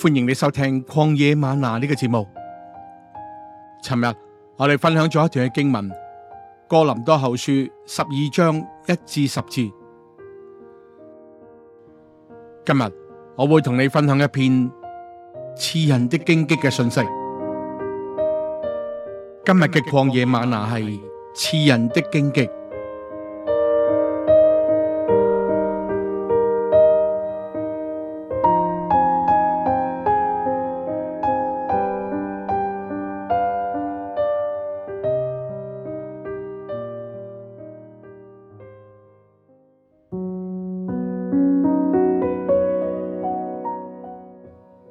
歡迎你收聽《曠野嗎哪》呢個節目。尋日我哋分享咗一段嘅經文《哥林多後書》十二章一至十節。今日我會同你分享一篇刺人的荊棘嘅信息。今日嘅曠野嗎哪係刺人的荊棘。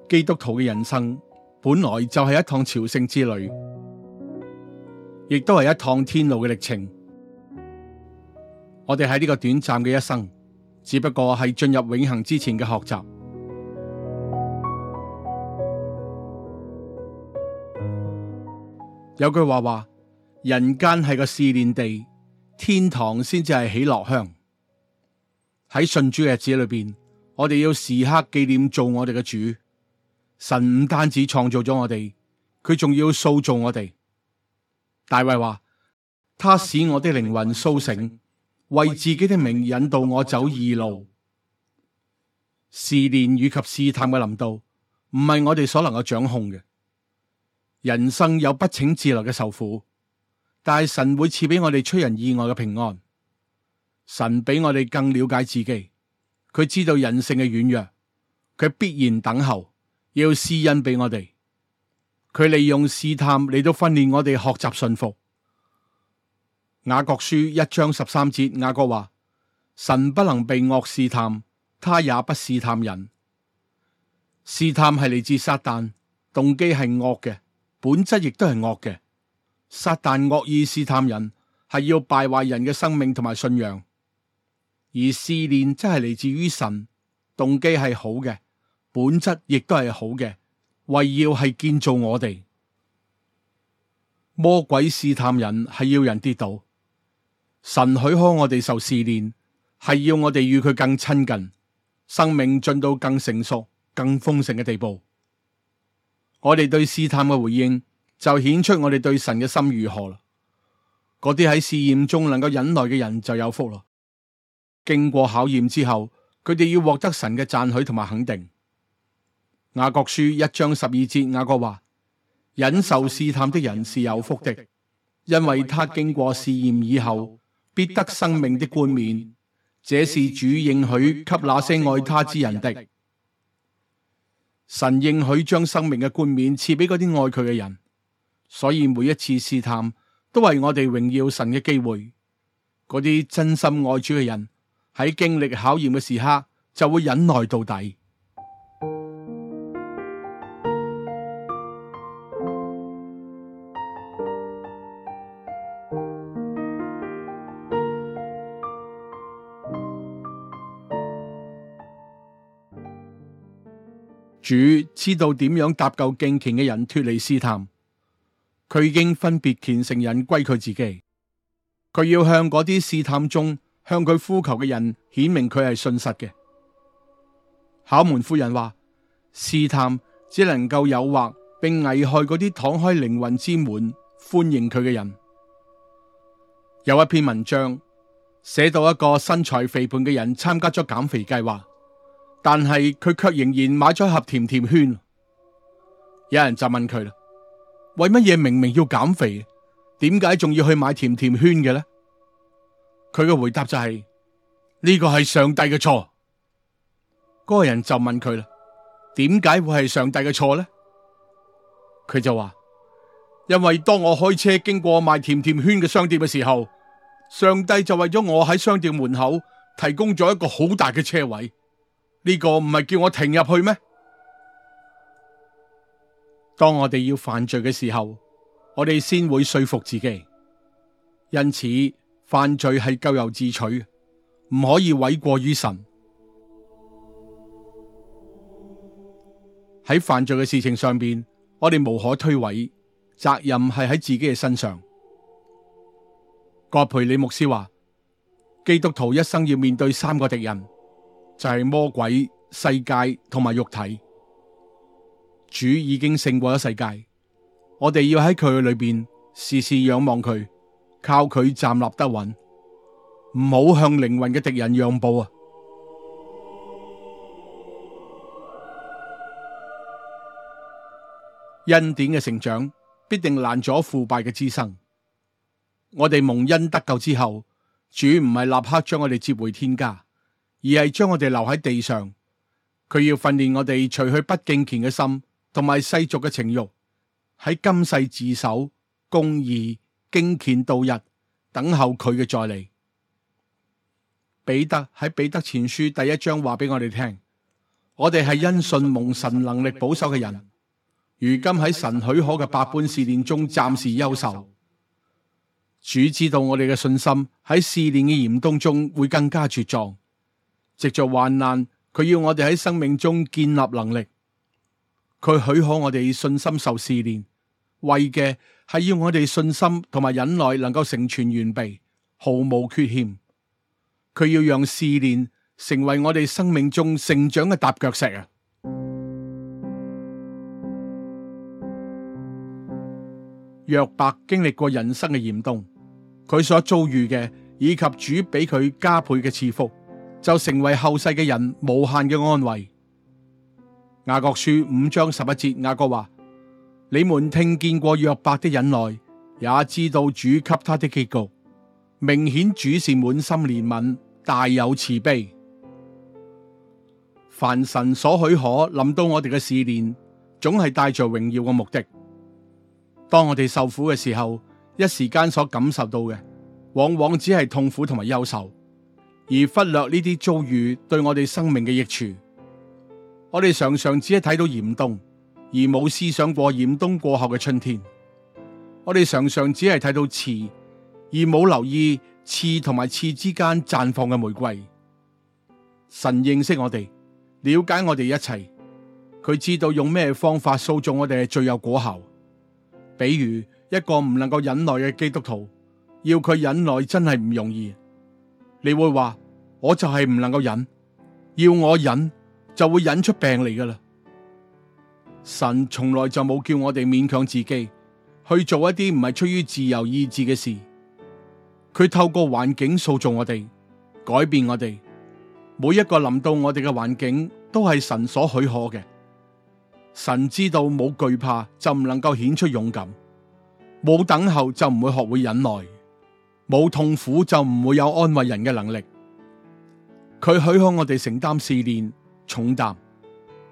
基督徒嘅人生本來就係一趟朝聖之旅，亦都係一趟天路嘅歷程。我哋喺呢個短暫嘅一生，只不過係進入永恒之前嘅學習。有句話話：人間係個試煉地，天堂先至係喜樂鄉。喺信主嘅日子裏邊，我哋要時刻紀念做我哋嘅主。神唔單止創造咗我哋，佢仲要塑造我哋。大衛話：他使我的靈魂蘇醒，為自己的名引導我走義路。試煉以及試探嘅臨到，唔係我哋所能夠掌控嘅。人生有不請自來嘅受苦，但係神會賜俾我哋出人意外嘅平安。神比我哋更了解自己，佢知道人性嘅軟弱，佢必然等候。要施恩俾我哋，佢利用試探嚟,到訓練我哋學習信服。雅各書一章十三節，雅各話：神不能被惡試探，他也不試探人。試探係嚟自撒旦，動機係惡嘅，本質亦都係惡嘅。撒旦惡意試探人，係要敗壞人嘅生命同埋信仰。而試煉則係嚟自於神，動機係好嘅。本質亦都係好嘅，為要係建造我哋。魔鬼試探人係要人跌倒，神許可我哋受試煉，係要我哋與佢更親近，生命進到更成熟，更豐盛嘅地步。我哋對試探嘅回應，就顯出我哋對神嘅心如何啦。嗰啲喺試驗中能夠忍耐嘅人就有福啦。經過考驗之後，佢哋要獲得神嘅讚許同埋肯定。雅各書一章十二節，雅各話：忍受試探的人是有福的，因為他經過試驗以後，必得生命的冠冕。這是主應許給那些愛他之人的。神應許將生命嘅冠冕賜俾嗰啲愛佢嘅人，所以每一次試探都係我哋榮耀神嘅機會。嗰啲真心愛主嘅人喺經歷考驗嘅時刻，就會忍耐到底。主知道點樣搭救敬虔嘅人脱離試探，佢已經分別虔誠人歸佢自己。佢要向嗰啲試探中向佢呼求嘅人顯明佢係信實嘅。考門夫人話：試探只能夠誘惑並危害嗰啲敞開靈魂之門歡迎佢嘅人。有一篇文章寫到一個身材肥胖嘅人參加咗減肥計劃。但係佢卻仍然買咗一盒甜甜圈。有人就問佢啦：，為乜嘢明明要減肥，點解仲要去買甜甜圈嘅咧？佢嘅回答就係：呢個係上帝嘅錯。嗰個人就問佢啦：，點解會係上帝嘅錯咧？佢就話：，因為當我開車經過賣甜甜圈嘅商店嘅時候，上帝就為咗我喺商店門口提供咗一個好大嘅車位。呢個唔係叫我停入去咩？當我哋要犯罪嘅時候，我哋先會說服自己。因此，犯罪係咎由自取，唔可以諉過於神。喺犯罪嘅事情上面，我哋無可推諉，責任係喺自己嘅身上。葛培理牧師話：基督徒一生要面對三個敵人。就係魔鬼世界同埋肉體，主已經勝過咗世界。我哋要喺佢裏邊時時仰望佢，靠佢站立得穩，唔好向靈魂嘅敵人讓步啊！恩典嘅成長必定攔阻腐敗嘅滋生。我哋蒙恩得救之後，主唔係立刻將我哋接回天家。而係將我哋留喺地上，佢要訓練我哋除去不敬虔嘅心，同埋世俗嘅情欲，喺今世自守公義，敬虔度日，等候佢嘅再嚟。彼得喺彼得前書第一章話俾我哋聽：我哋係因信蒙神能力保守嘅人，如今喺神許可嘅百般試煉中暫時憂愁。主知道我哋嘅信心喺試煉嘅嚴冬中會更加茁壯。藉著患難，佢要我哋喺生命中建立能力；佢許可我哋信心受試煉，為嘅係要我哋信心同埋忍耐能夠成全完備，毫無缺欠。佢要讓試煉成為我哋生命中成長嘅踏腳石啊！約伯經歷過人生嘅嚴冬，佢所遭遇嘅，以及主俾佢加倍嘅賜福。就成為後世嘅人無限嘅安慰。雅各書五章十一節，雅各話：你們聽見過約伯的忍耐，也知道主給他的結局。明顯主是滿心憐憫，大有慈悲。凡神所許可，臨到我哋嘅試煉，總係帶着榮耀嘅目的。當我哋受苦嘅時候，一時間所感受到嘅，往往只係痛苦同埋憂愁。而忽略呢啲遭遇對我哋生命嘅益處，我哋常常只係睇到嚴冬，而冇思想過嚴冬過後嘅春天。我哋常常只係睇到刺，而冇留意刺同埋刺之間綻放嘅玫瑰。神認識我哋，了解我哋一切，佢知道用咩方法塑造我哋係最有果效。比如一個唔能夠忍耐嘅基督徒，要佢忍耐真係唔容易。你會話我就係唔能夠忍，要我忍就會忍出病嚟㗎喇。神從來就冇叫我哋勉強自己去做一啲唔係出於自由意志嘅事。佢透過環境塑造我哋，改變我哋。每一個臨到我哋嘅環境都係神所許可嘅。神知道冇懼怕就唔能夠顯出勇敢，冇等候就唔會學會忍耐。冇痛苦就唔會有安慰人嘅能力。佢許可我哋承擔試煉重擔，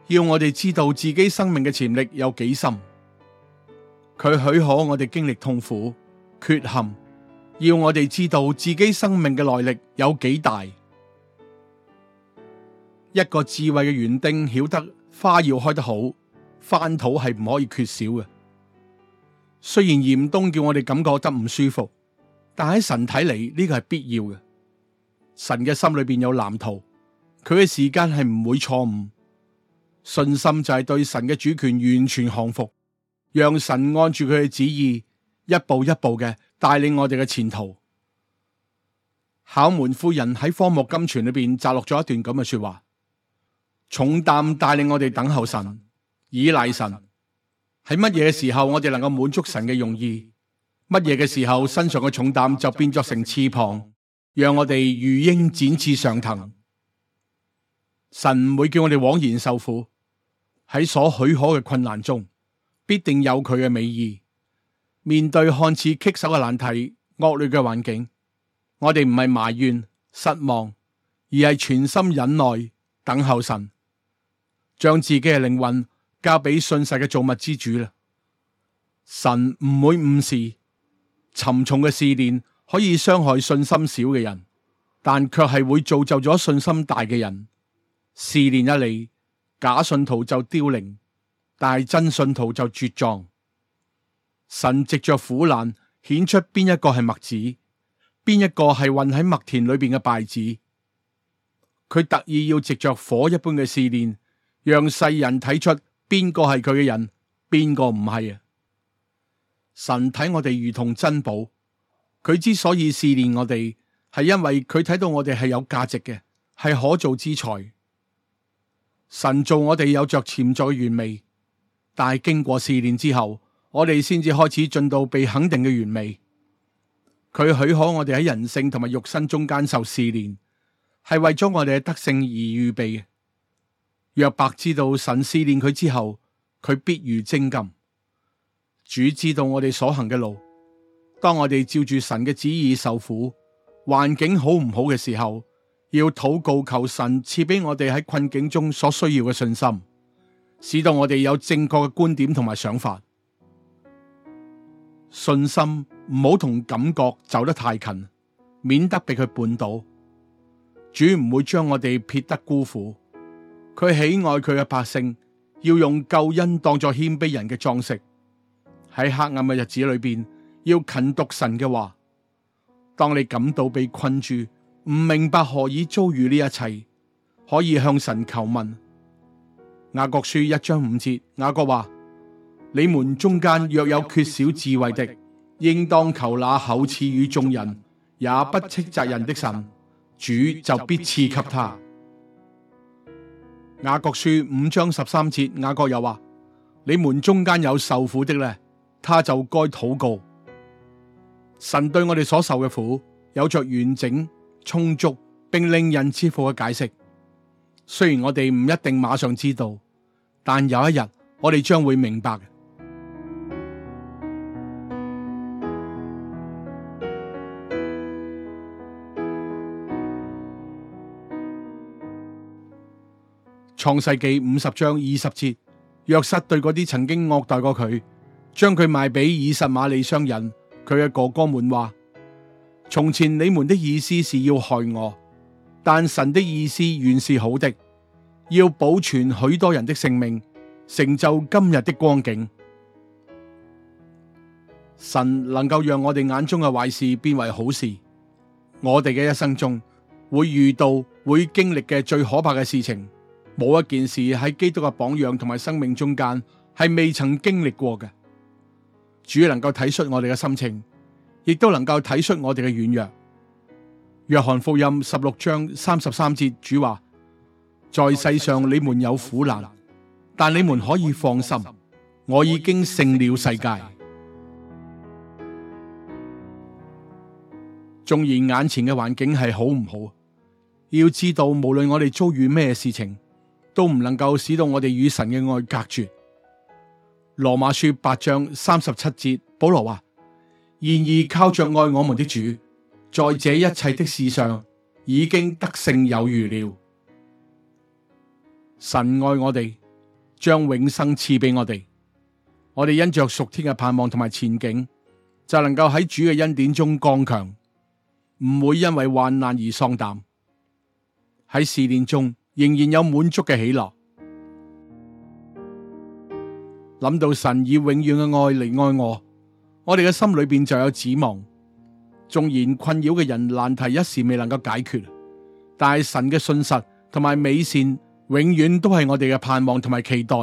要我哋知道自己生命嘅潛力有幾深。佢許可我哋經歷痛苦缺陷，要我哋知道自己生命嘅耐力有幾大。一個智慧嘅園丁曉得花要開得好，翻土係唔可以缺少嘅。雖然嚴冬叫我哋感覺得唔舒服。但喺神睇嚟，呢個係必要嘅，神嘅心裏邊有藍圖，佢嘅時間係唔會錯誤，信心就係對神嘅主權完全降服，讓神按住佢嘅旨意一步一步嘅帶領我哋嘅前途。考門夫人喺荒漠甘泉裏邊摘落咗一段咁嘅說話：重擔帶領我哋等候神，倚賴神。喺乜嘢時候我哋能夠滿足神嘅用意？乜嘢嘅時候，身上嘅重擔就變作成翅膀，讓我哋如鷹展翅上騰。神唔會叫我哋枉然受苦，喺所許可嘅困難中，必定有佢嘅美意。面對看似棘手嘅難題、惡劣嘅環境，我哋唔係埋怨失望，而係全心忍耐等候神，將自己嘅靈魂交俾信實嘅造物之主啦。神唔會誤事。沉重嘅試煉可以傷害信心少嘅人，但卻係會造就咗信心大嘅人。試煉一嚟，假信徒就凋零，但係真信徒就茁壯。神藉着苦難顯出邊一個係麥子，邊一個係混喺麥田裏邊嘅稗子。佢特意要藉着火一般嘅試煉，讓世人睇出邊個係佢嘅人，邊個唔係啊！神睇我哋如同珍寶，佢之所以試煉我哋，係因為佢睇到我哋係有價值嘅，係可造之材。神造我哋有着潛在嘅原味，但係經過試煉之後，我哋先至開始進到被肯定嘅原味。佢許可我哋喺人性同埋肉身中間受試煉，係為咗我哋嘅德性而預備。約伯知道神試煉佢之後，佢必如精金。主知道我哋所行嘅路，當我哋照住神嘅旨意受苦，環境好唔好嘅時候，要禱告求神賜俾我哋喺困境中所需要嘅信心，使到我哋有正確嘅觀點同埋想法。信心唔好同感覺走得太近，免得俾佢絆倒。主唔會將我哋撇得孤苦，佢喜愛佢嘅百姓，要用救恩當作謙卑人嘅裝飾。喺黑暗嘅日子裏邊，要勤讀神嘅話。當你感到被困住，唔明白何以遭遇呢一切，可以向神求問。雅各書一章五節，雅各話：你們中間若有缺少智慧的，應當求那厚賜予眾人，也不斥責人的神，主就必賜給他。雅各書五章十三節，雅各又話：你們中間有受苦的呢。他就該禱告，神對我哋所受嘅苦有着完整、充足並令人知父嘅解釋。雖然我哋唔一定馬上知道，但有一日我哋將會明白。創 世記五十章二十節，約瑟對嗰啲曾經惡待過佢。將佢賣俾以實瑪利商人。佢嘅哥哥們話：從前你們的意思是要害我，但神的意思原是好的，要保存許多人的性命，成就今日的光景。神能夠讓我哋眼中嘅壞事變為好事。我哋嘅一生中會遇到會經歷嘅最可怕嘅事情，冇一件事喺基督嘅榜樣同埋生命中間係未曾經歷過嘅。主要能夠體恤我哋嘅心情，亦都能夠體恤我哋嘅軟弱。約翰福音十六章三十三節主，主話：在世上你們有苦難，但你們可以放心，我已經勝了世界。世界縱然眼前嘅環境係好唔好，要知道無論我哋遭遇咩事情，都唔能夠使到我哋與神嘅愛隔絕。羅馬書八章三十七節，保羅話：然而靠着愛我們的主，在這一切的事上已經得勝有餘了。神愛我哋，將永生賜俾我哋。我哋因着屬天嘅盼望同埋前景，就能夠喺主嘅恩典中剛強，唔會因為患難而喪膽。喺試煉中仍然有滿足嘅喜樂。諗到神以永遠嘅愛嚟愛我，我哋嘅心裏邊就有指望。縱然困擾嘅人難題一時未能夠解決，但係神嘅信實同埋美善永遠都係我哋嘅盼望同埋期待。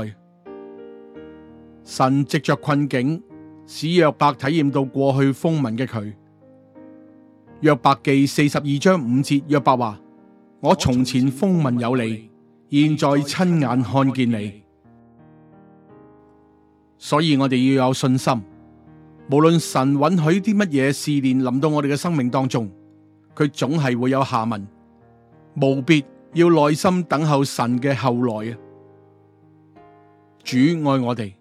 神藉着困境使約伯體驗到過去風聞嘅佢。約伯記四十二章五節，約伯話：我從前風聞有你，現在親眼看見你。所以我哋要有信心，無論神允許啲乜嘢試煉，臨到我哋嘅生命當中，佢總係會有下文，務必要耐心等候神嘅後來啊！主愛我哋，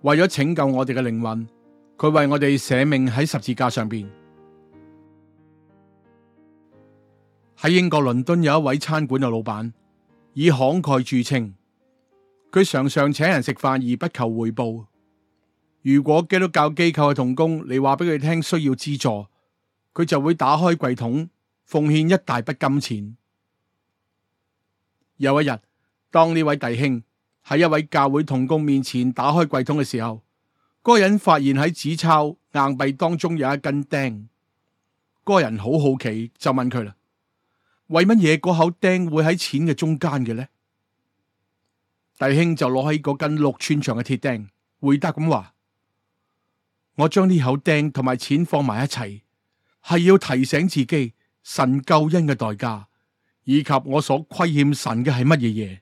為咗拯救我哋嘅靈魂，佢為我哋捨命喺十字架上邊。喺英國倫敦有一位餐館嘅老闆，以慷慨著稱，佢常常請人食飯而不求回報。如果基督教機構嘅同工，你話俾佢聽需要資助，佢就會打開櫃桶奉獻一大筆金錢。有一日，當呢位弟兄喺一位教會同工面前打開櫃桶嘅時候，嗰、那個人發現喺紙鈔硬幣當中有一根釘。嗰、那個人好好奇，就問佢啦：「為乜嘢嗰口釘會喺錢嘅中間嘅呢？」弟兄就攞起嗰根六寸長嘅鐵釘，回答咁話。我將呢口釘同埋錢放埋一齊，係要提醒自己神救恩嘅代價，以及我所虧欠神嘅係乜嘢嘢。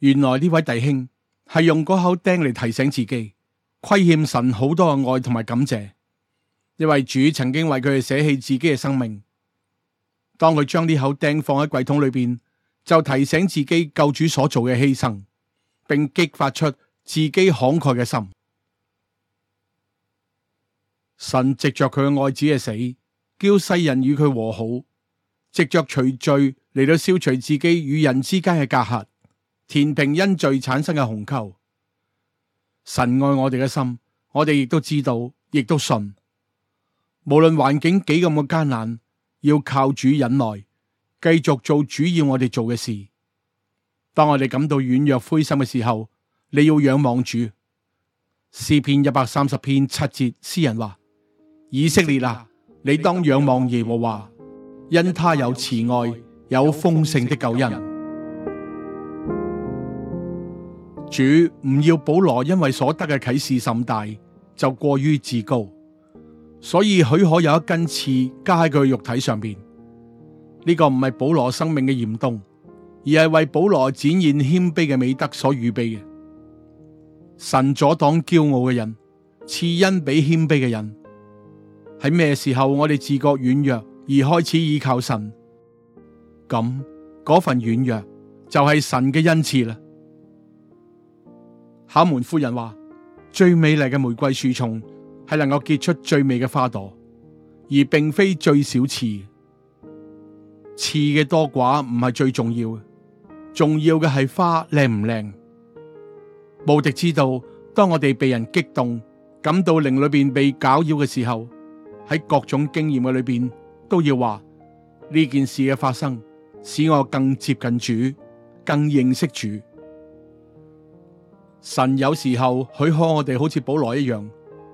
原來呢位弟兄係用嗰口釘嚟提醒自己虧欠神好多嘅愛同埋感謝，因為主曾經為佢哋捨棄自己嘅生命。當佢將呢口釘放喺櫃桶裏邊，就提醒自己救主所做嘅犧牲，並激發出自己慷慨嘅心。神藉着佢嘅愛子嘅死，叫世人與佢和好；藉着除罪嚟到消除自己與人之間嘅隔閡，填平因罪產生嘅鴻溝。神愛我哋嘅心，我哋亦都知道，亦都信。無論環境幾咁嘅艱難，要靠主忍耐，繼續做主要我哋做嘅事。當我哋感到軟弱、灰心嘅時候，你要仰望主。詩篇一百三十篇七節，詩人話。以色列啊，你當仰望耶和華，因他有慈愛，有豐盛的救恩。主唔要保羅因為所得嘅啟示甚大，就過於自高，所以許可有一根刺加喺佢肉體上邊。呢個唔係保羅生命嘅嚴冬，而係為保羅展現謙卑嘅美德所預備嘅。神阻擋驕傲嘅人，賜恩俾謙卑嘅人。喺咩時候我哋自覺軟弱而開始倚靠神？咁嗰份軟弱就係神嘅恩賜啦。考門夫人話：最美麗嘅玫瑰樹叢係能夠結出最美嘅花朵，而並非最少刺。刺嘅多寡唔係最重要，重要嘅係花靚唔靚。無敵知道，當我哋被人激動，感到靈裏邊被攪擾嘅時候，喺各種經驗嘅裏邊，都要話呢件事嘅發生，使我更接近主，更認識主。神有時候許可我哋好似保羅一樣，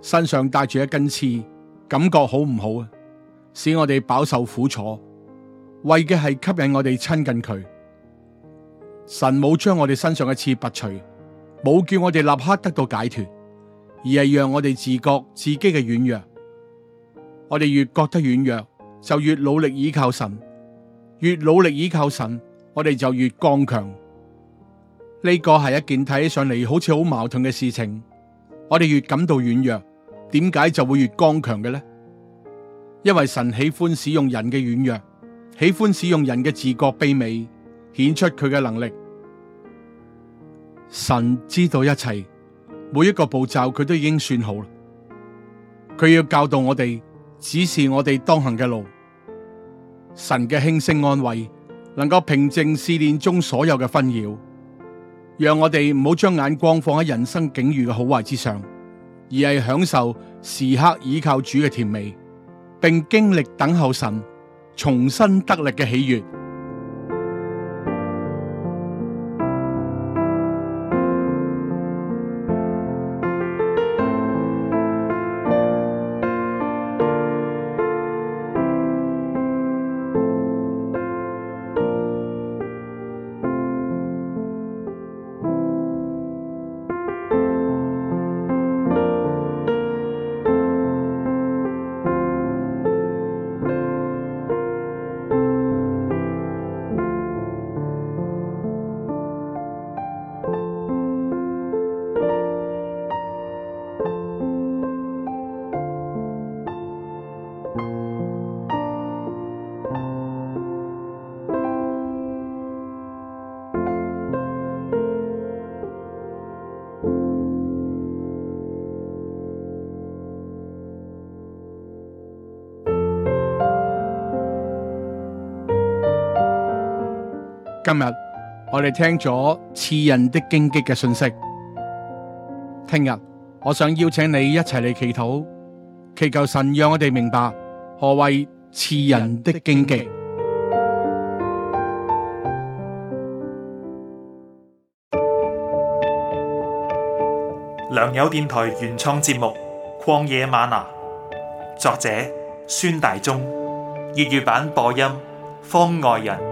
身上帶住一根刺，感覺好唔好啊？使我哋飽受苦楚，為嘅係吸引我哋親近佢。神冇將我哋身上嘅刺拔除，冇叫我哋立刻得到解脫，而係讓我哋自覺自己嘅軟弱。我哋越覺得軟弱，就越努力倚靠神；越努力倚靠神，我哋就越剛強。呢個係一件睇起上嚟好似好矛盾嘅事情。我哋越感到軟弱，點解就會越剛強嘅呢？因為神喜歡使用人嘅軟弱，喜歡使用人嘅自覺卑微，顯出佢嘅能力。神知道一切，每一個步驟佢都已經算好啦。佢要教導我哋。指示我哋當行嘅路，神嘅輕聲安慰，能夠平靜思念中所有嘅紛擾，讓我哋唔好將眼光放喺人生境遇嘅好壞之上，而係享受時刻倚靠主嘅甜味，並經歷等候神重新得力嘅喜悅。今日我哋聽咗刺人的荊棘嘅信息，聽日我想邀請你一齊嚟祈禱，祈求神讓我哋明白何謂刺人的荊棘。良友電台原創節目《曠野嗎哪》，作者孫大中，粵語版播音方外人。